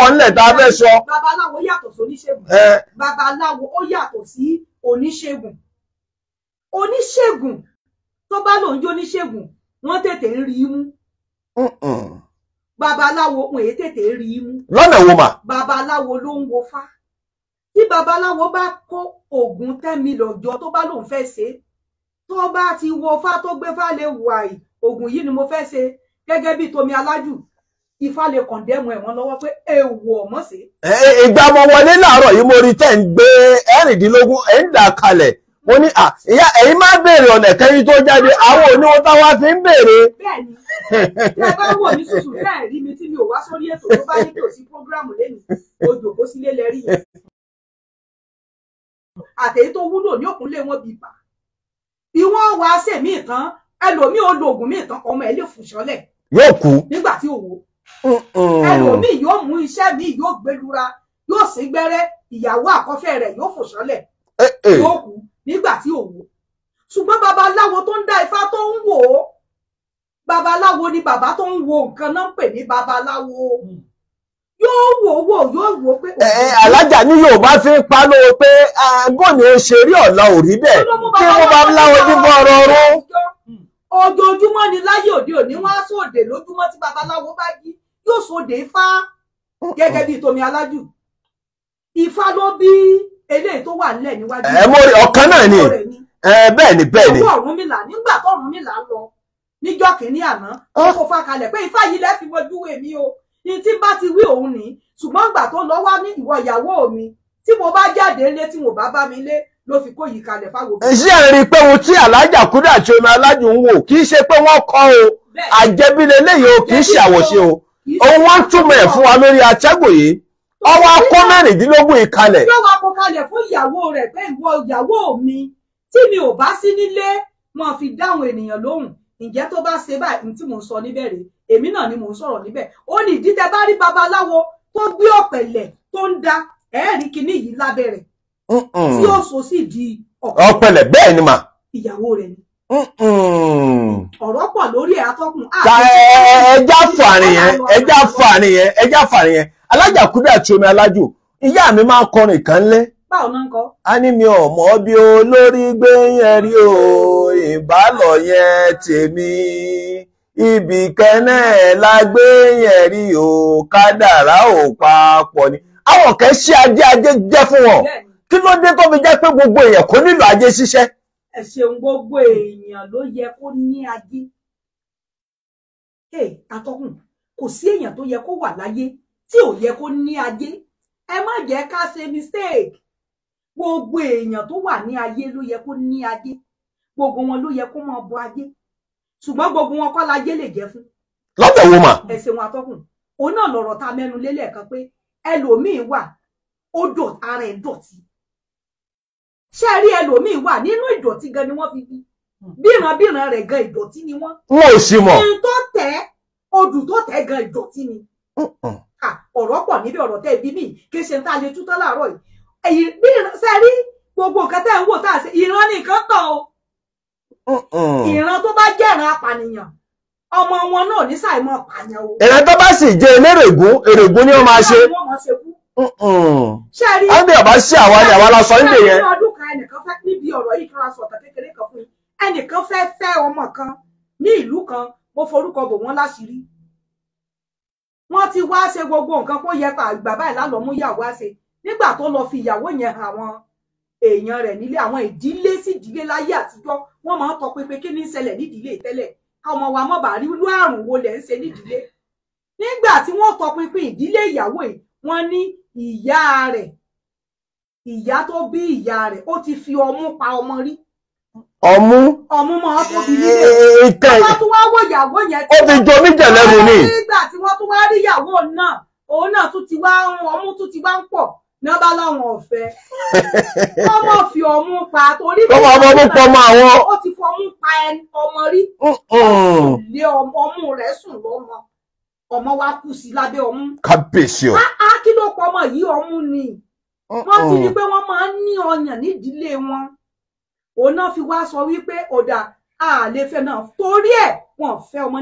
pọ̀ ńlẹ̀ tá a fẹ́ sọ. babaláwo yàtọ̀ sí oníṣègùn. babaláwo ó yàtọ̀ sí oníṣègùn. oníṣègùn tó bá lòun jẹ́ oníṣègùn wọ́n tètè ń rí i mú. babaláwo òun èyí tètè rí i mú. lọ́nà wo mà. babaláwo ló ń wo fá. tí babaláwo bá kó oògùn tẹ́mi lọ́jọ́ tó bá lòun fẹ́ ṣe tó bá ti wo fá tó gbé fá lè wàyí oògùn yìí ni mo fẹ́ ṣe gẹ́gẹ́ bí tomi alájù ifá lè kọ̀ndẹ́mù ẹ̀wọ̀n lọ́wọ́ pé èèwọ̀ mọ̀ sí. ìgbà ọmọ wọlé láàárọ̀ yìí mo rí tẹ́ ń gbé ẹ̀rìndínlógún ẹ̀ ń dà kalẹ̀ mo ní à ìyá ẹ̀yin máa béèrè ọ̀nà kẹ́yìn tó jáde àwọn oníwó táwa fi ń béèrè. bẹ́ẹ̀ni ẹ bá wò ní sùsù bẹ́ẹ̀ rí mi tí mi ò wá sórí ètò tó bá ní kò sí prógráàmù lẹ́nu odò kó sílé lẹ́rí yẹn. àtẹ̀yí tó wúlò ní òkúnlé wọn bìbà bí wọ́n wá sèmí ìtàn ẹlòmíì olóògùn míì tán ọmọ ẹ̀ lè fùṣọ́lẹ̀. yóò kú nígbà tí òwò ẹlòmíì yóò mú iṣẹ́ míì yóò gbẹlura yóò sí gbẹ́rẹ́ ìyàwó àkọ́fẹ́ rẹ̀ yóò fò sọ́lẹ̀ eh, eh. yóò kú nígbà tí òun ṣùgbọ́n babaláwo tó ń dá ifá tó ń wò ó babaláwo ni bàbá tó ń wo nǹkan náà ń pè ní babaláwo hmm. yóò wò wò yóò wò pé. ẹ eh, ẹ alájà ní yorùbá fi ń palo pé ah, bóni o ṣe rí ọ̀la ò rí bẹ́ẹ̀ kí wọ́n bá láwo dín ọ̀rọ̀ ọ̀rọ̀. ojoojúmọ́ ni láyé òde òní wọ́n á sóde lójúmọ́ tí babaláwo bá jí yóò sòdè ifá gẹ́gẹ́ bíi tomi alájù ifá ló bí eléyìí tó wà nílẹ̀ níwájú. ẹ mo ọ̀kan náà ni bẹ́ẹ̀ ni bẹ́ẹ̀ ni. owó Ọ̀rúnmìlà nígbà tó Ọ̀rúnmìlà lọ níjọ́ kìíní àná ó kò ah. fa kalẹ̀ pé ifá yìí lẹ́ fi wojú èmi o ní tí bá ti wí òun ní ṣùgbọ́n ìgbà tó lọ wá ní ìwọ ìyàwó mi tí mo bá jáde lé tí mo bá bá mi lé ló fi kó yìí kalẹ̀ fáwọn obìnrin. ṣé ẹ rí i pé ohun tí alájà kúrò àti omi alájù ń wò kì í ṣe pé wọ́n kọ́ o àjẹbí lélẹ́yìí o kì í ṣe àwòṣe o òun wọ́n ń túmọ̀ ẹ̀ fún wa lórí Aṣẹ́gbòye ọwọ́ akó mẹ́rìndínlógún ìkalẹ̀. yóò wá kó kalẹ̀ fún ìyàwó rẹ̀ pé ìwọ ìyàwó mi tí mi ò bá sí nílé wọn fi dáhùn ènìyàn lóhùn ǹjẹ́ tó bá ṣe báyìí tí mò ń sọ níbẹ̀ rèé èmi náà ni mò ń sọ̀rọ̀ níbẹ̀ ó ní ìdí tẹ́ bá rí babaláwo tó gbé ọ̀pẹ̀lẹ̀ tó ń da ẹ̀ẹ́rì kìíní yìí lábẹ́rẹ̀ tí ó so sí di ọ̀pẹ̀lẹ̀ bẹ́ẹ̀ ni mà ìyàwó rẹ̀ ni Mm-hmm. ọ̀rọ̀ pọ̀ lórí ẹ̀ atọ́kùn. Ah, ẹja fàárín yẹn ẹja fàárín yẹn ẹja fàárín yẹn alájà kúbẹ̀ àti omi alájò ìyá mi máa ń kọrin kan lé. báwo náà ń kọ. a ní mi ò mọ bí olórí gbé yẹn rí o ìbálò yẹn tèmi ibì kẹ́nẹ́ la gbé yẹn rí o kádàrá ò papọ̀ ni. àwọn kẹ́ ṣe ajé ajé jẹ́ fún wọn kí ló dé tó fi jẹ́ pé gbogbo èèyàn kò nílò ajé ṣiṣẹ́. ẹ ṣeun gbogbo èèyàn ló yẹ kó ní ajé atọ́kùn kò sí èèyàn tó yẹ kó wà láyé tí ò yẹ kó ní ajé ẹ má jẹ́ ká ṣe mistake gbogbo èèyàn tó wà ní ayé ló yẹ kó ní ajé gbogbo wọn ló yẹ kó máa bọ ajé ṣùgbọ́n gbogbo wọn kọ́ lájé lè jẹ́ fún. lọ́dọ̀ wo mà. ẹ ṣeun atọ́kùn òun náà lọ̀rọ̀ ta mẹ́nu lélẹ̀ kan pé ẹlòmíín wà ó dọ̀ ara ẹ̀ dọ̀tí ṣé ẹ rí ẹlòmíì wà nínú ìdọ̀tí gan ni wọ́n fi bí hmm. bíranbíran rẹ̀ gan ìdọ̀tí ni wọ́n. wọn ò sì mọ̀. ohun tó tẹ̀ odù tó tẹ̀ gan ìdọ̀tí ni. ọ̀rọ̀ pọ̀ níbi ọ̀rọ̀ tẹ́ bí mi kì í ṣe tá a lè tútọ́ láàárọ̀ yìí ṣe rí gbogbo nǹkan tẹ́ ń wò tá a ṣe ìran nìkan tọ̀ o. ìran tó bá jẹ́ran apànìyàn ọmọ wọn náà ní sàìmọ̀ pààyàn o. ìran tó bá sì jẹ́ elérègún èrègún ni wọ́n máa ṣe. ṣe rí. á ń bẹ̀ bá ṣe àwa ni àwa la sọ ń bè yẹn ọ̀rọ̀ yìí kí wọ́n sọ ọ̀tàn kékeré kan fún yín ẹnìkan fẹ́ fẹ́ ọmọ kan ní ìlú kan mo forúkọ bò wọ́n láṣìírí wọ́n ti wá ṣe gbogbo nǹkan kó yẹ pa àgbà báyìí lálọ́mú yàwó àṣe nígbà tó lọ fi ìyàwó yẹn hàn àwọn èèyàn rẹ̀ nílé àwọn ìdílé sí ìdílé láyé àtijọ́ wọ́n máa ń tọpinpin kí ní ṣẹlẹ̀ nídìílé tẹ́lẹ̀ káwọn wa mọ̀ bá rí irú àrùn wo lẹ̀ ń ṣe nídìílé nígbà tí wọ́n tọpinpin ìdílé ìyàwó yìí wọ́n ní ìyá rẹ̀ ìyá tó bí ìyá rẹ̀ ó ti fi ọmú pa ọmọ rí ọmú ọmú máa tóbi nílé ìtẹ wọn tún wá wọ ìyàwó yẹn ó fi jọ mí jẹlẹrù ah, ni nígbà tí wọ́n tún wá rí ìyàwó náà òun náà tún ti wá ọmú tún ti wá ń pọ̀ ní ọba láwọn ọ̀fẹ́ ọmọ fi ọmú pa torí bí ọmọ ọmú pa àwọn ó ti fi ọmú pa ọmọ rí lé ọmú rẹ̀ sùn lọ́mọ ọmọ wa kú sí lábẹ́ ọmú kábíyèsí o á ah, ah, kí ló pọ̀ ọmọ yìí ọmú ni wọ́n ti rí pé wọ́n máa ń ní ọyàn nídìílé wọn òun náà fi wá sọ wípé ọ̀dà àlefẹ́ náà torí ẹ̀ wọ́n fẹ́ ọmọ